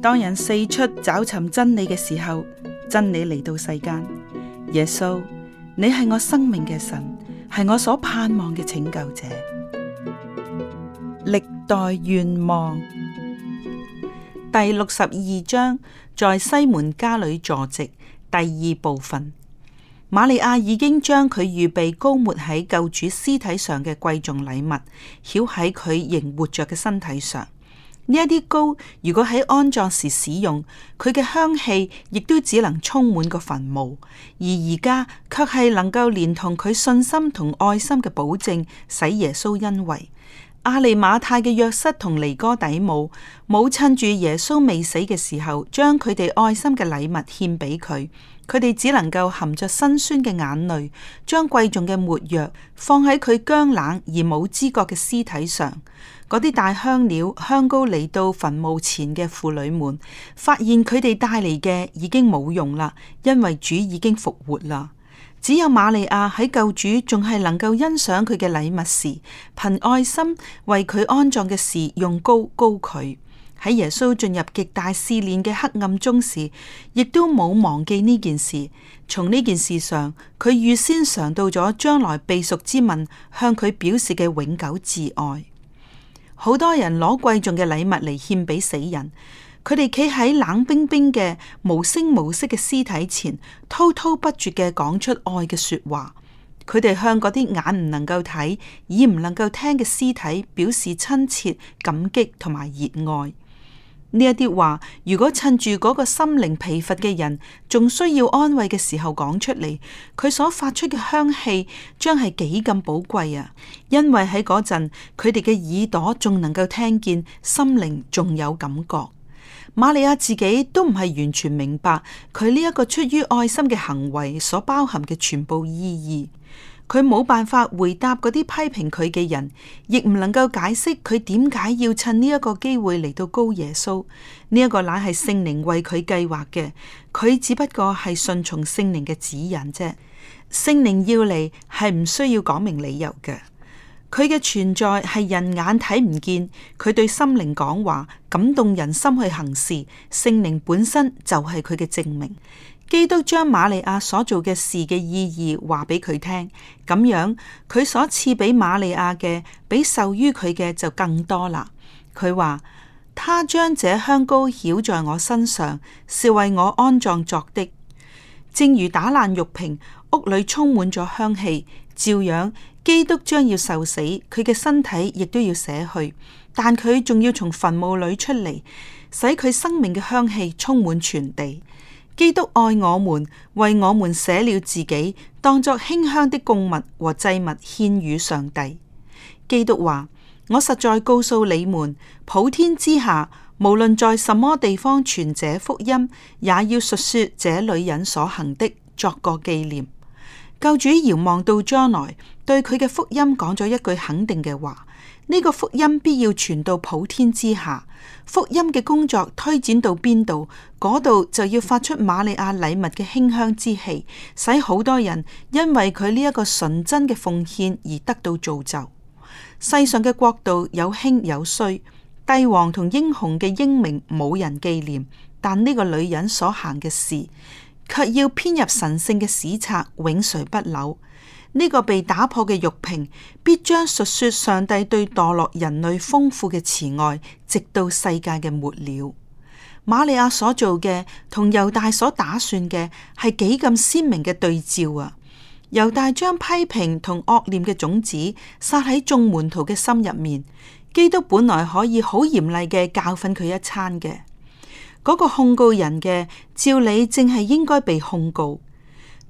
當人四出找尋真理嘅時候，真理嚟到世間。耶穌，你係我生命嘅神，係我所盼望嘅拯救者。歷代願望第六十二章，在西門家裏坐席第二部分。瑪利亞已經將佢預備膏抹喺救主屍體上嘅貴重禮物，曉喺佢仍活着嘅身體上。呢一啲膏如果喺安葬時使用，佢嘅香氣亦都只能充滿個墳墓；而而家卻係能夠連同佢信心同愛心嘅保證，使耶穌欣慰。阿利馬太嘅約瑟同尼哥底母，冇趁住耶穌未死嘅時候，將佢哋愛心嘅禮物獻俾佢。佢哋只能夠含着辛酸嘅眼淚，將貴重嘅抹藥放喺佢僵冷而冇知覺嘅屍體上。嗰啲帶香料香膏嚟到墳墓前嘅婦女們，發現佢哋帶嚟嘅已經冇用啦，因為主已經復活啦。只有瑪利亞喺救主仲係能夠欣賞佢嘅禮物時，憑愛心為佢安葬嘅事用膏膏佢。喺耶穌進入極大試煉嘅黑暗中時，亦都冇忘記呢件事。從呢件事上，佢預先嘗到咗將來被贖之民向佢表示嘅永久摯愛。好多人攞貴重嘅禮物嚟獻俾死人。佢哋企喺冷冰冰嘅無聲無息嘅屍體前，滔滔不絕嘅講出愛嘅說話。佢哋向嗰啲眼唔能夠睇、耳唔能夠聽嘅屍體表示親切、感激同埋熱愛。呢一啲話，如果趁住嗰個心靈疲乏嘅人仲需要安慰嘅時候講出嚟，佢所發出嘅香氣將係幾咁寶貴啊！因為喺嗰陣，佢哋嘅耳朵仲能夠聽見，心靈仲有感覺。瑪利亞自己都唔係完全明白佢呢一個出於愛心嘅行為所包含嘅全部意義，佢冇辦法回答嗰啲批評佢嘅人，亦唔能夠解釋佢點解要趁呢一個機會嚟到高耶穌，呢一個乃係聖靈為佢計劃嘅，佢只不過係順從聖靈嘅指引啫。聖靈要嚟係唔需要講明理由嘅。佢嘅存在係人眼睇唔見，佢對心靈講話，感動人心去行事。聖靈本身就係佢嘅證明。基督將瑪利亞所做嘅事嘅意義話俾佢聽，咁樣佢所賜俾瑪利亞嘅，比受於佢嘅就更多啦。佢話：他將這香膏曉在我身上，是為我安葬作的。正如打爛玉瓶，屋裏充滿咗香氣。照樣，基督將要受死，佢嘅身體亦都要捨去，但佢仲要從墳墓裏出嚟，使佢生命嘅香氣充滿全地。基督愛我們，為我們捨了自己，當作馨香的供物和祭物獻與上帝。基督話：我實在告訴你們，普天之下無論在什麼地方傳這福音，也要述說這女人所行的，作個紀念。救主遙望到將來，對佢嘅福音講咗一句肯定嘅話：呢個福音必要傳到普天之下，福音嘅工作推展到邊度，嗰度就要發出瑪利亞禮物嘅馨香之氣，使好多人因為佢呢一個純真嘅奉獻而得到造就。世上嘅國度有興有衰，帝王同英雄嘅英明冇人紀念，但呢個女人所行嘅事，卻要編入神聖嘅史冊，永垂不朽。呢個被打破嘅玉瓶，必將述說上帝對墮落人類豐富嘅慈愛，直到世界嘅末了。瑪利亞所做嘅，同猶大所打算嘅，係幾咁鮮明嘅對照啊！猶大將批評同惡念嘅種子撒喺眾門徒嘅心入面，基督本來可以好嚴厲嘅教訓佢一餐嘅。嗰個控告人嘅，照理正係應該被控告。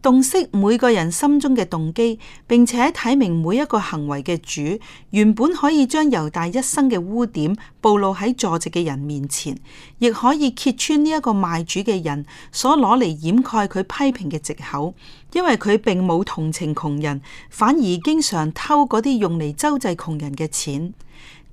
洞悉每個人心中嘅動機，並且睇明每一個行為嘅主，原本可以將猶大一生嘅污點暴露喺坐席嘅人面前，亦可以揭穿呢一個賣主嘅人所攞嚟掩蓋佢批評嘅藉口，因為佢並冇同情窮人，反而經常偷嗰啲用嚟周濟窮人嘅錢。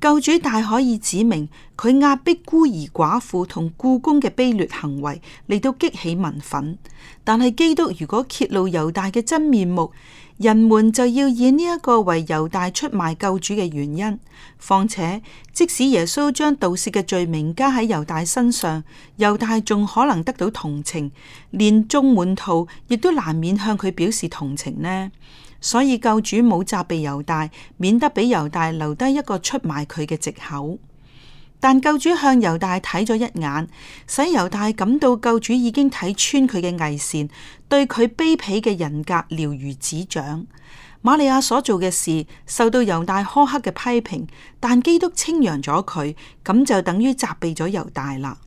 救主大可以指明佢壓迫孤兒寡婦同僱工嘅卑劣行為嚟到激起民憤，但係基督如果揭露猶大嘅真面目，人們就要以呢一個為猶大出賣救主嘅原因。況且即使耶穌將盜竊嘅罪名加喺猶大身上，猶大仲可能得到同情，連眾滿徒亦都難免向佢表示同情呢？所以救主冇責備猶大，免得俾猶大留低一個出賣佢嘅藉口。但救主向猶大睇咗一眼，使猶大感到救主已經睇穿佢嘅偽善，對佢卑鄙嘅人格了如指掌。瑪利亞所做嘅事受到猶大苛刻嘅批評，但基督稱揚咗佢，咁就等於責備咗猶大啦。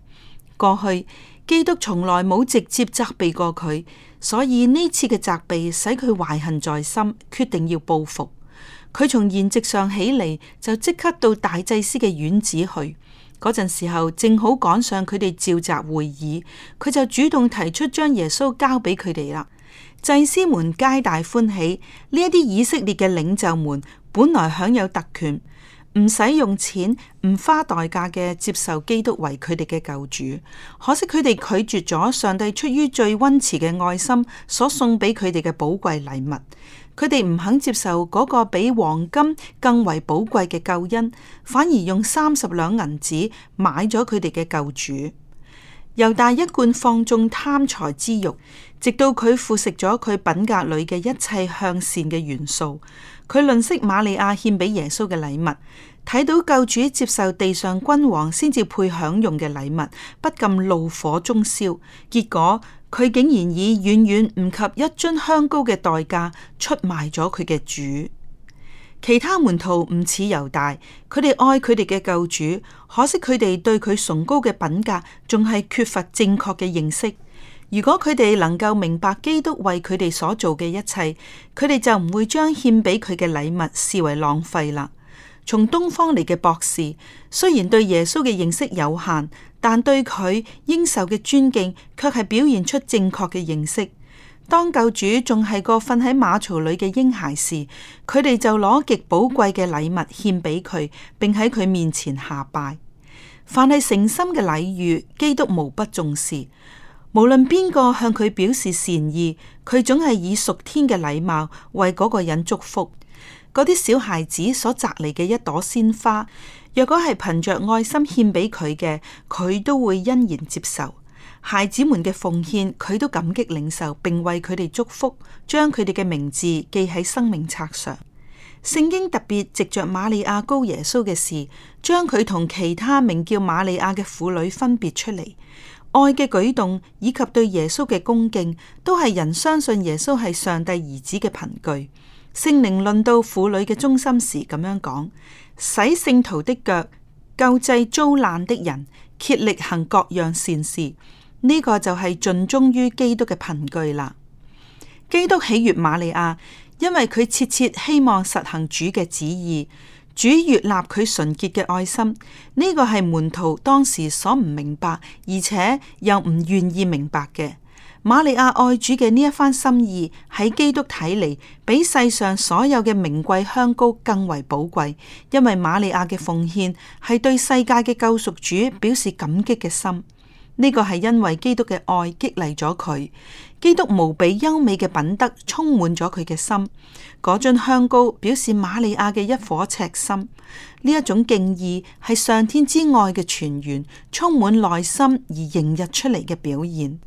過去。基督從來冇直接責備過佢，所以呢次嘅責備使佢懷恨在心，決定要報復。佢從筵席上起嚟，就即刻到大祭司嘅院子去。嗰陣時候正好趕上佢哋召集會議，佢就主動提出將耶穌交俾佢哋啦。祭司們皆大歡喜，呢一啲以色列嘅領袖們本來享有特權。唔使用，用錢，唔花代價嘅接受基督為佢哋嘅救主。可惜佢哋拒絕咗上帝出於最溫慈嘅愛心所送俾佢哋嘅寶貴禮物。佢哋唔肯接受嗰個比黃金更為寶貴嘅救恩，反而用三十兩銀子買咗佢哋嘅救主。猶大一貫放縱貪財之欲，直到佢腐蝕咗佢品格裏嘅一切向善嘅元素。佢吝嗇瑪利亞獻俾耶穌嘅禮物，睇到救主接受地上君王先至配享用嘅禮物，不禁怒火中燒。結果，佢竟然以遠遠唔及一樽香膏嘅代價出賣咗佢嘅主。其他門徒唔似猶大，佢哋愛佢哋嘅救主，可惜佢哋對佢崇高嘅品格仲係缺乏正確嘅認識。如果佢哋能夠明白基督為佢哋所做嘅一切，佢哋就唔會將獻俾佢嘅禮物視為浪費啦。從東方嚟嘅博士，雖然對耶穌嘅認識有限，但對佢應受嘅尊敬，卻係表現出正確嘅認識。當救主仲係個瞓喺馬槽裏嘅嬰孩時，佢哋就攞極寶貴嘅禮物獻俾佢，並喺佢面前下拜。凡係誠心嘅禮遇，基督無不重視。無論邊個向佢表示善意，佢總係以屬天嘅禮貌為嗰個人祝福。嗰啲小孩子所摘嚟嘅一朵鮮花，若果係憑着愛心獻俾佢嘅，佢都會欣然接受。孩子們嘅奉獻，佢都感激領受，並為佢哋祝福，將佢哋嘅名字記喺生命冊上。聖經特別藉着瑪利亞高耶穌嘅事，將佢同其他名叫瑪利亞嘅婦女分別出嚟。愛嘅舉動以及對耶穌嘅恭敬，都係人相信耶穌係上帝兒子嘅憑據。聖靈論到婦女嘅中心時，咁樣講：使聖徒的腳救濟遭難的人，竭力行各樣善事。呢個就係盡忠於基督嘅憑據啦。基督喜悅瑪利亞，因為佢切切希望實行主嘅旨意，主悅納佢純潔嘅愛心。呢個係門徒當時所唔明白，而且又唔願意明白嘅。瑪利亞愛主嘅呢一番心意，喺基督睇嚟，比世上所有嘅名貴香膏更為寶貴，因為瑪利亞嘅奉獻係對世界嘅救贖主表示感激嘅心。呢個係因為基督嘅愛激勵咗佢，基督無比優美嘅品德充滿咗佢嘅心。嗰樽香膏表示瑪利亞嘅一顆赤心，呢一種敬意係上天之愛嘅泉源，充滿內心而形日出嚟嘅表現。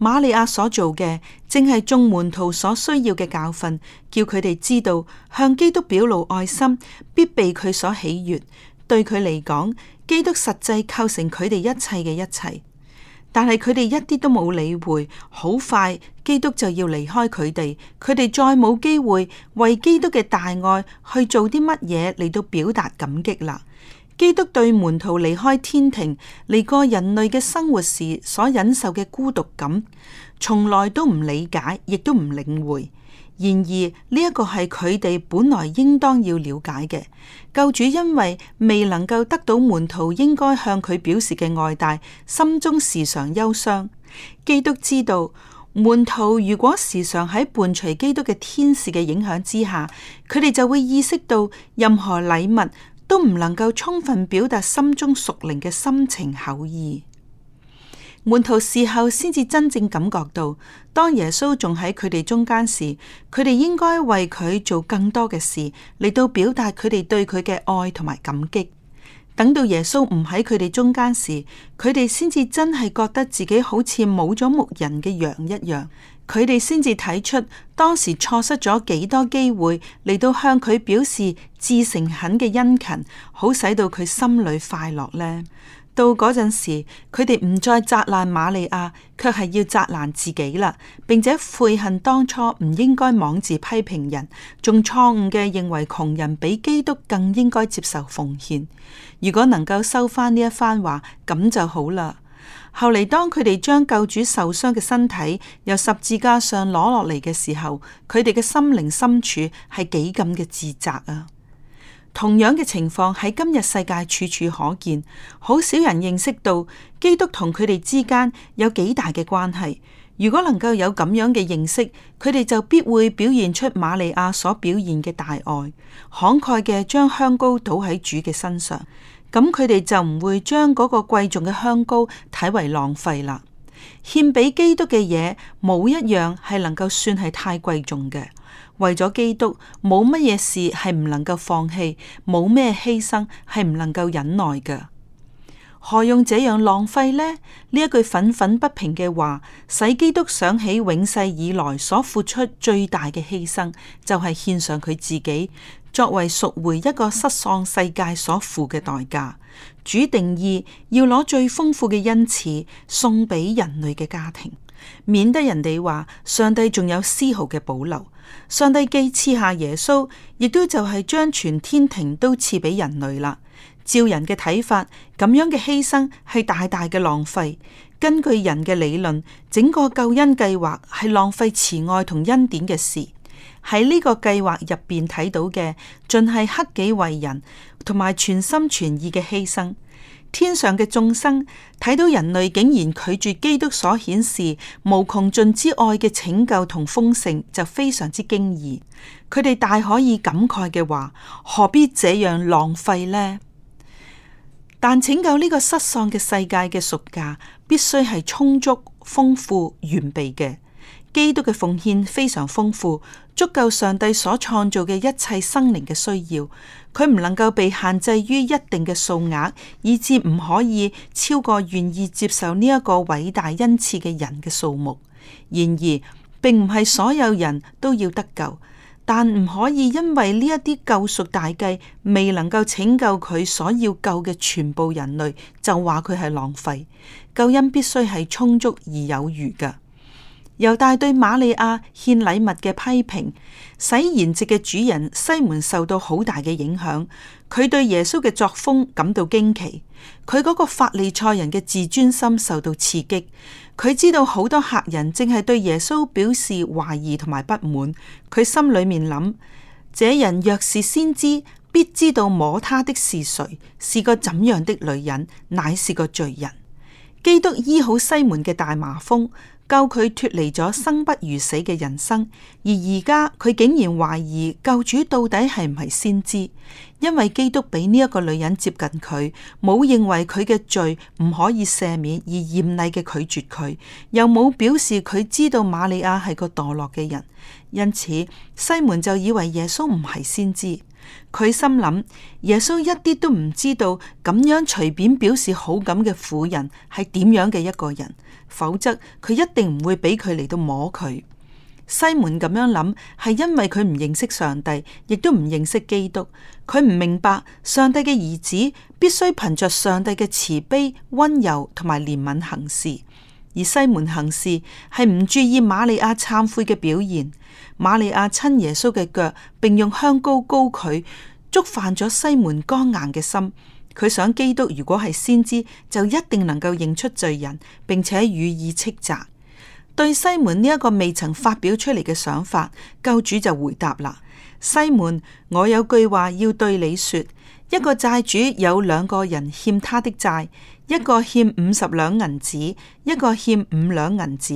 瑪利亞所做嘅正係眾門徒所需要嘅教訓，叫佢哋知道向基督表露愛心必被佢所喜悅。對佢嚟講，基督實際構成佢哋一切嘅一切。但係佢哋一啲都冇理會，好快基督就要離開佢哋，佢哋再冇機會為基督嘅大愛去做啲乜嘢嚟到表達感激啦。基督對門徒離開天庭，嚟過人類嘅生活時所忍受嘅孤獨感，從來都唔理解，亦都唔領會。然而呢一個係佢哋本來應當要了解嘅。救主因為未能夠得到門徒應該向佢表示嘅愛戴，心中時常憂傷。基督知道門徒如果時常喺伴隨基督嘅天使嘅影響之下，佢哋就會意識到任何禮物都唔能夠充分表達心中屬靈嘅深情厚意。門徒事後先至真正感覺到，當耶穌仲喺佢哋中間時，佢哋應該為佢做更多嘅事，嚟到表達佢哋對佢嘅愛同埋感激。等到耶穌唔喺佢哋中間時，佢哋先至真係覺得自己好似冇咗牧人嘅羊一樣。佢哋先至睇出當時錯失咗幾多機會，嚟到向佢表示至誠懇嘅殷勤，好使到佢心裏快樂呢。到嗰陣時，佢哋唔再責難瑪利亞，卻係要責難自己啦，並且悔恨當初唔應該妄自批評人，仲錯誤嘅認為窮人比基督更應該接受奉獻。如果能夠收翻呢一番話，咁就好啦。後嚟當佢哋將救主受傷嘅身體由十字架上攞落嚟嘅時候，佢哋嘅心靈深處係幾咁嘅自責啊！同樣嘅情況喺今日世界處處可見，好少人認識到基督同佢哋之間有幾大嘅關係。如果能夠有咁樣嘅認識，佢哋就必會表現出馬利亞所表現嘅大愛，慷慨嘅將香膏倒喺主嘅身上。咁佢哋就唔會將嗰個貴重嘅香膏睇為浪費啦。獻俾基督嘅嘢，冇一樣係能夠算係太貴重嘅。為咗基督，冇乜嘢事係唔能夠放棄，冇咩犧牲係唔能夠忍耐嘅，何用這樣浪費呢？呢一句忿忿不平嘅話，使基督想起永世以來所付出最大嘅犧牲，就係、是、獻上佢自己作為贖回一個失喪世界所付嘅代價。主定意要攞最豐富嘅恩賜送俾人類嘅家庭，免得人哋話上帝仲有絲毫嘅保留。上帝既賜下耶穌，亦都就係將全天庭都賜俾人類啦。照人嘅睇法，咁樣嘅犧牲係大大嘅浪費。根據人嘅理論，整個救恩計劃係浪費慈愛同恩典嘅事。喺呢個計劃入邊睇到嘅，盡係克己為人，同埋全心全意嘅犧牲。天上嘅眾生睇到人類竟然拒絕基督所顯示無窮盡之愛嘅拯救同豐盛，就非常之驚異。佢哋大可以感慨嘅話：何必這樣浪費呢？但拯救呢個失喪嘅世界嘅贖價，必須係充足、豐富、完備嘅。基督嘅奉獻非常豐富。足夠上帝所創造嘅一切生靈嘅需要，佢唔能夠被限制於一定嘅數額，以至唔可以超過願意接受呢一個偉大恩賜嘅人嘅數目。然而，並唔係所有人都要得救，但唔可以因為呢一啲救贖大計未能夠拯救佢所要救嘅全部人類，就話佢係浪費。救恩必須係充足而有餘㗎。由大對瑪利亞獻禮物嘅批評，使筵席嘅主人西門受到好大嘅影響。佢對耶穌嘅作風感到驚奇，佢嗰個法利賽人嘅自尊心受到刺激。佢知道好多客人正係對耶穌表示懷疑同埋不滿。佢心裏面諗：這人若是先知，必知道摸他的是誰，是個怎樣的女人，乃是個罪人。基督醫好西門嘅大麻風。救佢脫離咗生不如死嘅人生，而而家佢竟然懷疑救主到底係唔係先知，因為基督俾呢一個女人接近佢，冇認為佢嘅罪唔可以赦免而嚴厲嘅拒絕佢，又冇表示佢知道瑪利亞係個墮落嘅人，因此西門就以為耶穌唔係先知。佢心諗耶穌一啲都唔知道咁樣隨便表示好感嘅婦人係點樣嘅一個人，否則佢一定唔會俾佢嚟到摸佢。西門咁樣諗係因為佢唔認識上帝，亦都唔認識基督，佢唔明白上帝嘅兒子必須憑着上帝嘅慈悲、溫柔同埋憐憫行事，而西門行事係唔注意瑪利亞懺悔嘅表現。瑪利亞親耶穌嘅腳，並用香膏膏佢，觸犯咗西門剛硬嘅心。佢想基督如果係先知，就一定能夠認出罪人，並且予以斥責。對西門呢一個未曾發表出嚟嘅想法，救主就回答啦，西門，我有句話要對你說。一個債主有兩個人欠他的債，一個欠五十兩銀子，一個欠五兩銀子，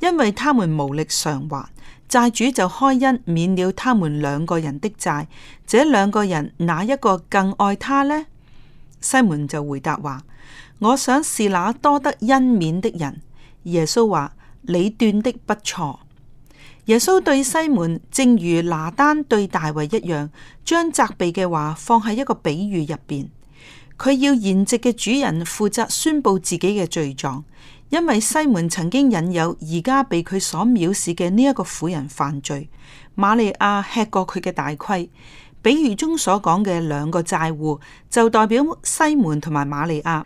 因為他們無力償還。債主就開恩，免了他們兩個人的債，這兩個人，哪一個更愛他呢？西門就回答話：我想是那多得恩免的人。耶穌話：你斷的不錯。耶穌對西門，正如拿單對大衛一樣，將責備嘅話放喺一個比喻入邊，佢要筵席嘅主人負責宣佈自己嘅罪狀。因為西門曾經引誘而家被佢所藐視嘅呢一個婦人犯罪，瑪利亞吃過佢嘅大虧。比喻中所講嘅兩個債戶，就代表西門同埋瑪利亞。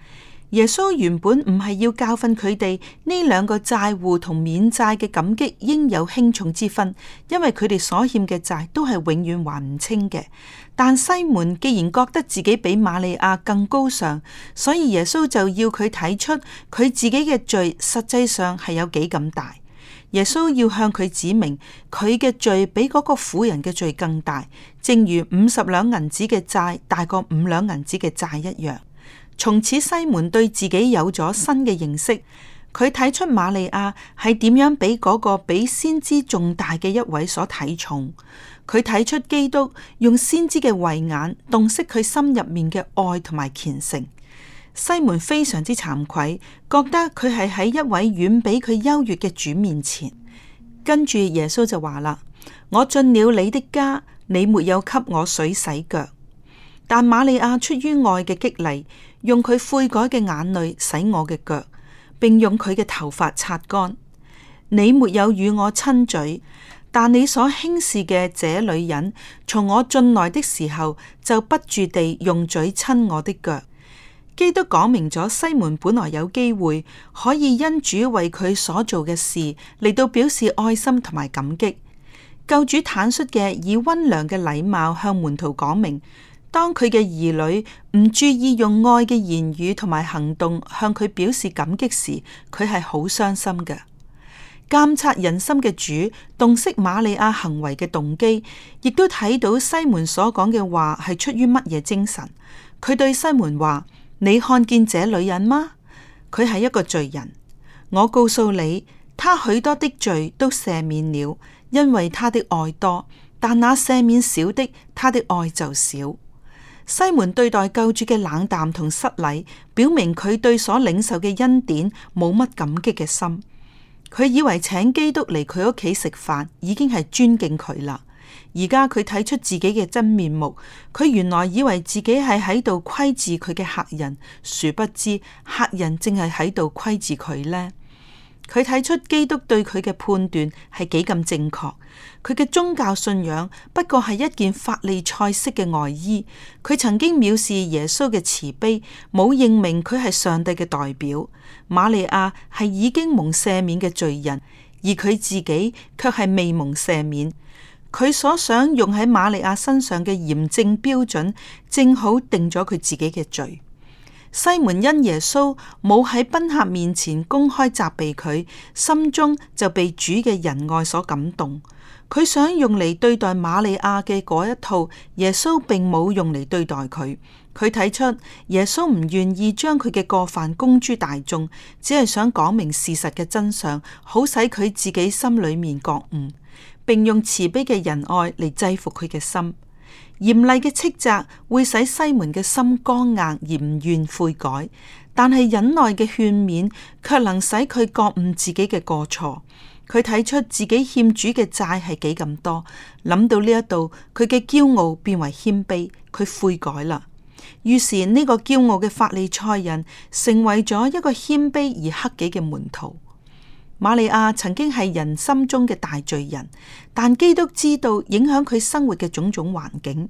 耶穌原本唔係要教訓佢哋呢兩個債戶同免債嘅感激應有輕重之分，因為佢哋所欠嘅債都係永遠還唔清嘅。但西門既然覺得自己比瑪利亞更高尚，所以耶穌就要佢睇出佢自己嘅罪實際上係有幾咁大。耶穌要向佢指明，佢嘅罪比嗰個婦人嘅罪更大，正如五十兩銀子嘅債大過五兩銀子嘅債一樣。從此西門對自己有咗新嘅認識，佢睇出瑪利亞係點樣俾嗰個比先知仲大嘅一位所睇重，佢睇出基督用先知嘅慧眼洞悉佢心入面嘅愛同埋虔誠。西門非常之慚愧，覺得佢係喺一位遠比佢優越嘅主面前。跟住耶穌就話啦：我進了你的家，你沒有給我水洗腳。但瑪利亞出於愛嘅激勵，用佢悔改嘅眼淚洗我嘅腳，並用佢嘅頭髮擦乾。你沒有與我親嘴，但你所輕視嘅這女人，從我進來的時候就不住地用嘴親我的腳。基督講明咗，西門本來有機會可以因主為佢所做嘅事嚟到表示愛心同埋感激，救主坦率嘅以温良嘅禮貌向門徒講明。當佢嘅兒女唔注意用愛嘅言語同埋行動向佢表示感激時，佢係好傷心嘅。監察人心嘅主洞悉瑪利亞行為嘅動機，亦都睇到西門所講嘅話係出於乜嘢精神。佢對西門話：「你看見這女人嗎？佢係一個罪人。」我告訴你，她許多的罪都赦免了，因為她的愛多。但那赦免少的，她的愛就少。西門對待救主嘅冷淡同失禮，表明佢對所領受嘅恩典冇乜感激嘅心。佢以為請基督嚟佢屋企食飯，已經係尊敬佢啦。而家佢睇出自己嘅真面目，佢原來以為自己係喺度窺視佢嘅客人，殊不知客人正係喺度窺視佢呢。佢睇出基督對佢嘅判斷係幾咁正確，佢嘅宗教信仰不過係一件法利賽式嘅外衣。佢曾經藐視耶穌嘅慈悲，冇認明佢係上帝嘅代表。瑪利亞係已經蒙赦免嘅罪人，而佢自己卻係未蒙赦免。佢所想用喺瑪利亞身上嘅嚴正標準，正好定咗佢自己嘅罪。西門因耶穌冇喺賓客面前公開責備佢，心中就被主嘅仁愛所感動。佢想用嚟對待瑪利亞嘅嗰一套，耶穌並冇用嚟對待佢。佢睇出耶穌唔願意將佢嘅過犯公諸大眾，只係想講明事實嘅真相，好使佢自己心裏面覺悟，並用慈悲嘅仁愛嚟制服佢嘅心。嚴厲嘅斥責會使西門嘅心剛硬而唔願悔改，但係忍耐嘅勸勉卻能使佢覺悟自己嘅過錯。佢睇出自己欠主嘅債係幾咁多，諗到呢一度，佢嘅驕傲變為謙卑，佢悔改啦。於是呢個驕傲嘅法利賽人成為咗一個謙卑而克己嘅門徒。瑪利亞曾經係人心中嘅大罪人，但基督知道影響佢生活嘅種種環境，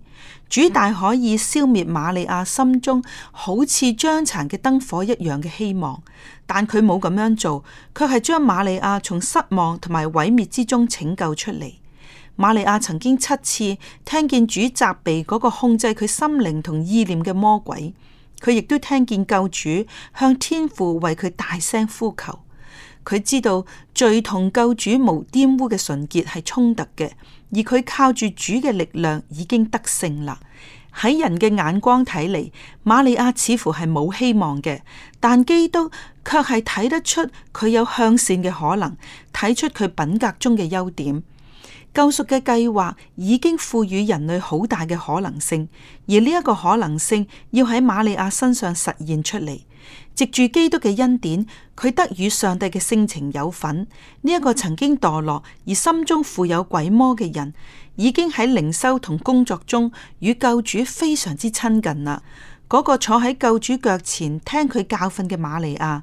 主大可以消滅瑪利亞心中好似將殘嘅燈火一樣嘅希望，但佢冇咁樣做，卻係將瑪利亞從失望同埋毀滅之中拯救出嚟。瑪利亞曾經七次聽見主責備嗰個控制佢心靈同意念嘅魔鬼，佢亦都聽見救主向天父為佢大聲呼求。佢知道罪同救主無玷污嘅純潔係衝突嘅，而佢靠住主嘅力量已經得勝啦。喺人嘅眼光睇嚟，瑪利亞似乎係冇希望嘅，但基督卻係睇得出佢有向善嘅可能，睇出佢品格中嘅優點。救贖嘅計劃已經賦予人類好大嘅可能性，而呢一個可能性要喺瑪利亞身上實現出嚟。藉住基督嘅恩典，佢得與上帝嘅性情有份。呢一個曾經墮落而心中富有鬼魔嘅人，已經喺靈修同工作中與救主非常之親近啦。嗰個坐喺救主腳前聽佢教訓嘅瑪利亞。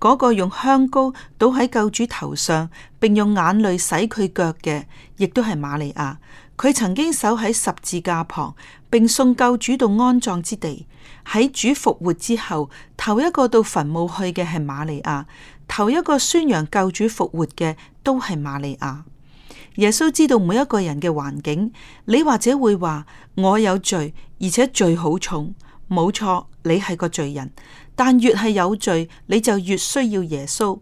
嗰個用香膏倒喺救主頭上，並用眼淚洗佢腳嘅，亦都係瑪利亞。佢曾經守喺十字架旁，並送救主到安葬之地。喺主復活之後，頭一個到墳墓去嘅係瑪利亞，頭一個宣揚救主復活嘅都係瑪利亞。耶穌知道每一個人嘅環境，你或者會話，我有罪，而且罪好重。冇錯，你係個罪人。但越係有罪，你就越需要耶穌。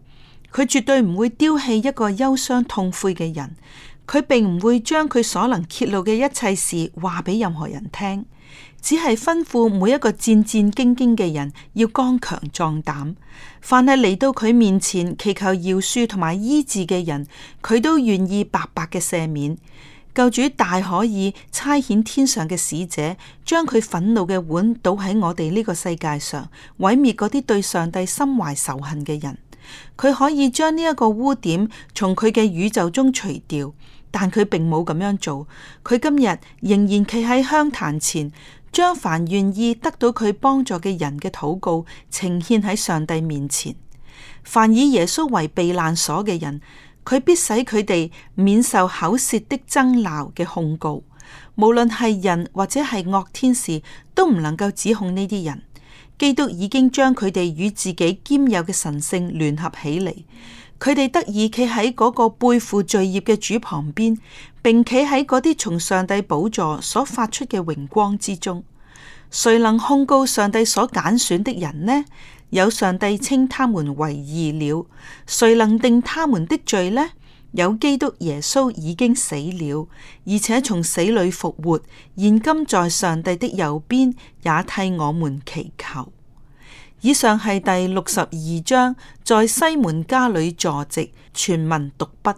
佢絕對唔會丟棄一個憂傷痛悔嘅人。佢並唔會將佢所能揭露嘅一切事話俾任何人聽，只係吩咐每一個戰戰兢兢嘅人要剛強壯膽。凡係嚟到佢面前祈求饒恕同埋醫治嘅人，佢都願意白白嘅赦免。救主大可以差遣天上嘅使者，將佢憤怒嘅碗倒喺我哋呢個世界上，毀滅嗰啲對上帝心懷仇恨嘅人。佢可以將呢一個污點從佢嘅宇宙中除掉，但佢並冇咁樣做。佢今日仍然企喺香壇前，將凡願意得到佢幫助嘅人嘅禱告呈獻喺上帝面前。凡以耶穌為避難所嘅人。佢必使佢哋免受口舌的爭鬧嘅控告，無論係人或者係惡天使，都唔能夠指控呢啲人。基督已經將佢哋與自己兼有嘅神聖聯合起嚟，佢哋得以企喺嗰個背負罪孽嘅主旁邊，並企喺嗰啲從上帝寶座所發出嘅榮光之中。誰能控告上帝所揀選的人呢？有上帝稱他們為義了，誰能定他們的罪呢？有基督耶穌已經死了，而且從死裏復活，現今在上帝的右邊，也替我們祈求。以上係第六十二章，在西門家裏坐席，全文讀畢。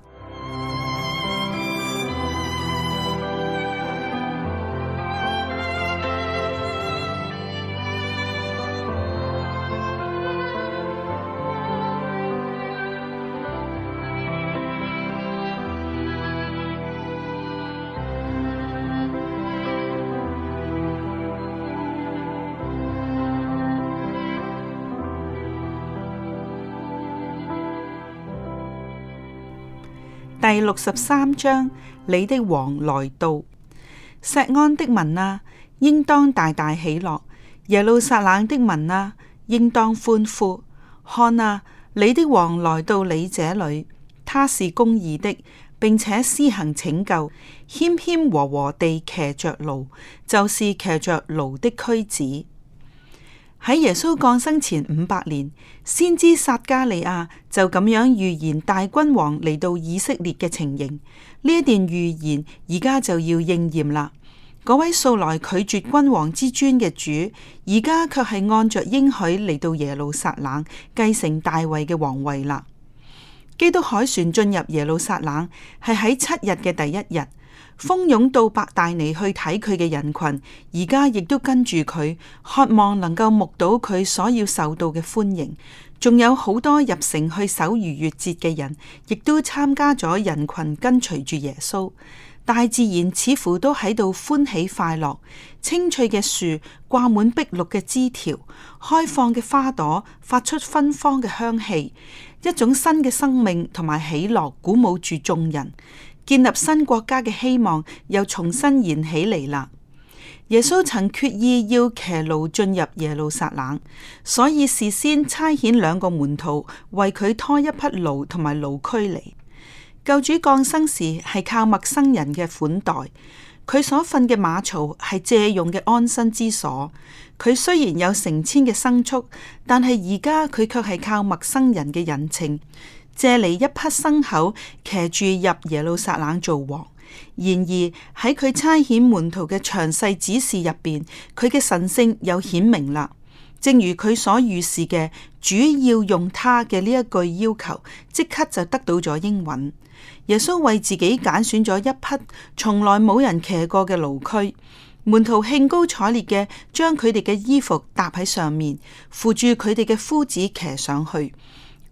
第六十三章，你的王來到，錫安的民啊，應當大大喜樂；耶路撒冷的民啊，應當歡呼。看啊，你的王來到你這裏，他是公義的，並且施行拯救，謙謙和和和地騎着驢，就是騎着驢的駒子。喺耶穌降生前五百年，先知撒迦利亞就咁樣預言大君王嚟到以色列嘅情形。呢一段預言而家就要應驗啦。嗰位素來拒絕君王之尊嘅主，而家卻係按着應許嚟到耶路撒冷，繼承大衛嘅皇位啦。基督海船進入耶路撒冷，係喺七日嘅第一日。蜂擁到伯大尼去睇佢嘅人群，而家亦都跟住佢，渴望能夠目睹佢所要受到嘅歡迎。仲有好多入城去守逾越節嘅人，亦都參加咗人群跟隨住耶穌。大自然似乎都喺度歡喜快樂，青翠嘅樹掛滿碧綠嘅枝條，開放嘅花朵發出芬芳嘅香氣，一種新嘅生命同埋喜樂鼓舞住眾人。建立新國家嘅希望又重新燃起嚟啦！耶穌曾決意要騎驢進入耶路撒冷，所以事先差遣兩個門徒為佢拖一匹驢同埋驢駒嚟。救主降生時係靠陌生人嘅款待，佢所瞓嘅馬槽係借用嘅安身之所。佢雖然有成千嘅牲畜，但係而家佢卻係靠陌生人嘅人情。借嚟一匹牲口，騎住入耶路撒冷做王。然而喺佢差遣門徒嘅詳細指示入邊，佢嘅神聖又顯明啦。正如佢所預示嘅，主要用他嘅呢一句要求，即刻就得到咗應允。耶穌為自己揀選咗一匹從來冇人騎過嘅驢駒，門徒興高采烈嘅將佢哋嘅衣服搭喺上面，扶住佢哋嘅夫子騎上去。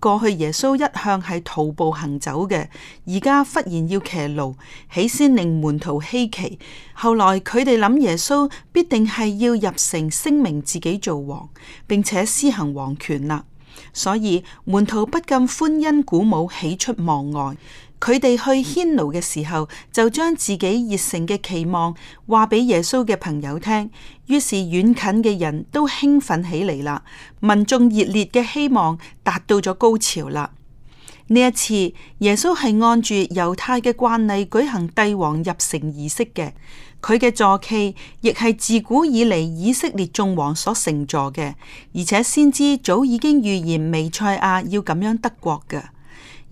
過去耶穌一向係徒步行走嘅，而家忽然要騎驢，起先令門徒稀奇，後來佢哋諗耶穌必定係要入城聲明自己做王，並且施行王權啦，所以門徒不禁歡欣鼓舞，喜出望外。佢哋去牽驢嘅時候，就將自己熱誠嘅期望話俾耶穌嘅朋友聽，於是遠近嘅人都興奮起嚟啦。民眾熱烈嘅希望達到咗高潮啦。呢一次，耶穌係按住猶太嘅慣例舉行帝王入城儀式嘅，佢嘅座騎亦係自古以嚟以色列眾王所乘坐嘅，而且先知早已經預言彌賽亞要咁樣得國嘅。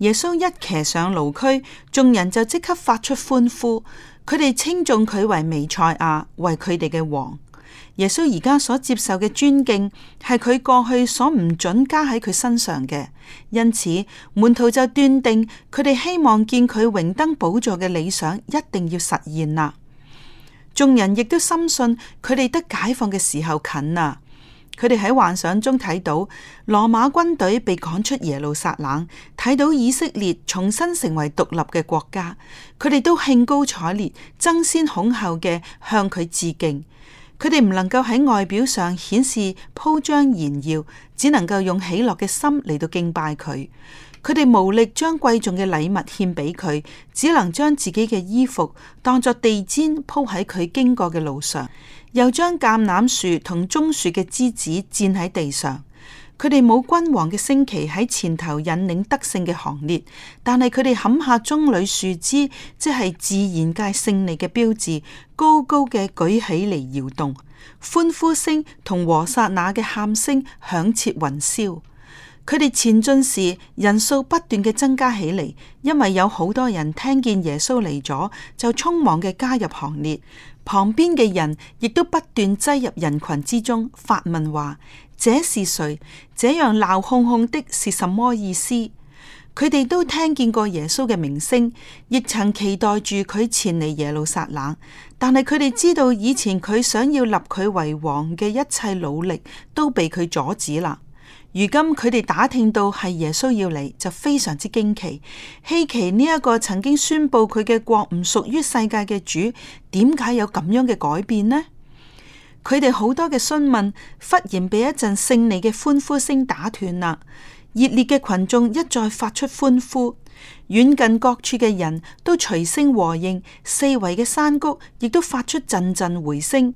耶穌一騎上驢駒，眾人就即刻發出歡呼，佢哋稱頌佢為彌賽亞，為佢哋嘅王。耶穌而家所接受嘅尊敬，係佢過去所唔准加喺佢身上嘅，因此門徒就斷定佢哋希望見佢榮登寶座嘅理想一定要實現啦。眾人亦都深信佢哋得解放嘅時候近啦。佢哋喺幻想中睇到羅馬軍隊被趕出耶路撒冷，睇到以色列重新成為獨立嘅國家，佢哋都興高采烈、爭先恐後嘅向佢致敬。佢哋唔能夠喺外表上顯示鋪張炫耀，只能夠用喜樂嘅心嚟到敬拜佢。佢哋無力將貴重嘅禮物獻俾佢，只能將自己嘅衣服當作地氈鋪喺佢經過嘅路上。又將橄欖樹同棕樹嘅枝子戰喺地上，佢哋冇君王嘅升旗喺前頭引領得勝嘅行列，但係佢哋冚下棕櫚樹枝，即係自然界勝利嘅標誌，高高嘅舉起嚟搖動，歡呼聲同和撒那嘅喊聲響徹雲霄。佢哋前進時人數不斷嘅增加起嚟，因為有好多人聽見耶穌嚟咗，就匆忙嘅加入行列。旁邊嘅人亦都不斷擠入人群之中，發問話：這是誰？這樣鬧哄哄的是什麼意思？佢哋都聽見過耶穌嘅名聲，亦曾期待住佢前嚟耶路撒冷，但係佢哋知道以前佢想要立佢為王嘅一切努力，都被佢阻止啦。如今佢哋打聽到係耶穌要嚟，就非常之驚奇，希奇呢一個曾經宣布佢嘅國唔屬於世界嘅主，點解有咁樣嘅改變呢？佢哋好多嘅詢問，忽然被一陣勝利嘅歡呼聲打斷啦！熱烈嘅群眾一再發出歡呼。遠近各處嘅人都隨聲和應，四圍嘅山谷亦都發出陣陣回聲。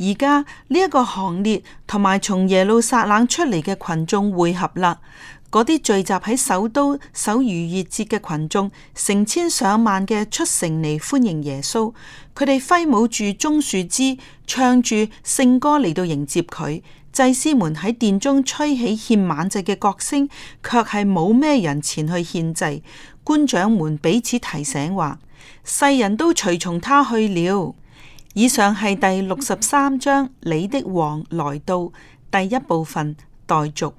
而家呢一個行列同埋從耶路撒冷出嚟嘅群眾匯合啦。嗰啲聚集喺首都守逾越節嘅群眾，成千上萬嘅出城嚟歡迎耶穌。佢哋揮舞住棕樹枝，唱住聖歌嚟到迎接佢。祭司們喺殿中吹起獻晚祭嘅角聲，卻係冇咩人前去獻祭。官長們彼此提醒話：世人都隨從他去了。以上係第六十三章，你的王來到第一部分，待續。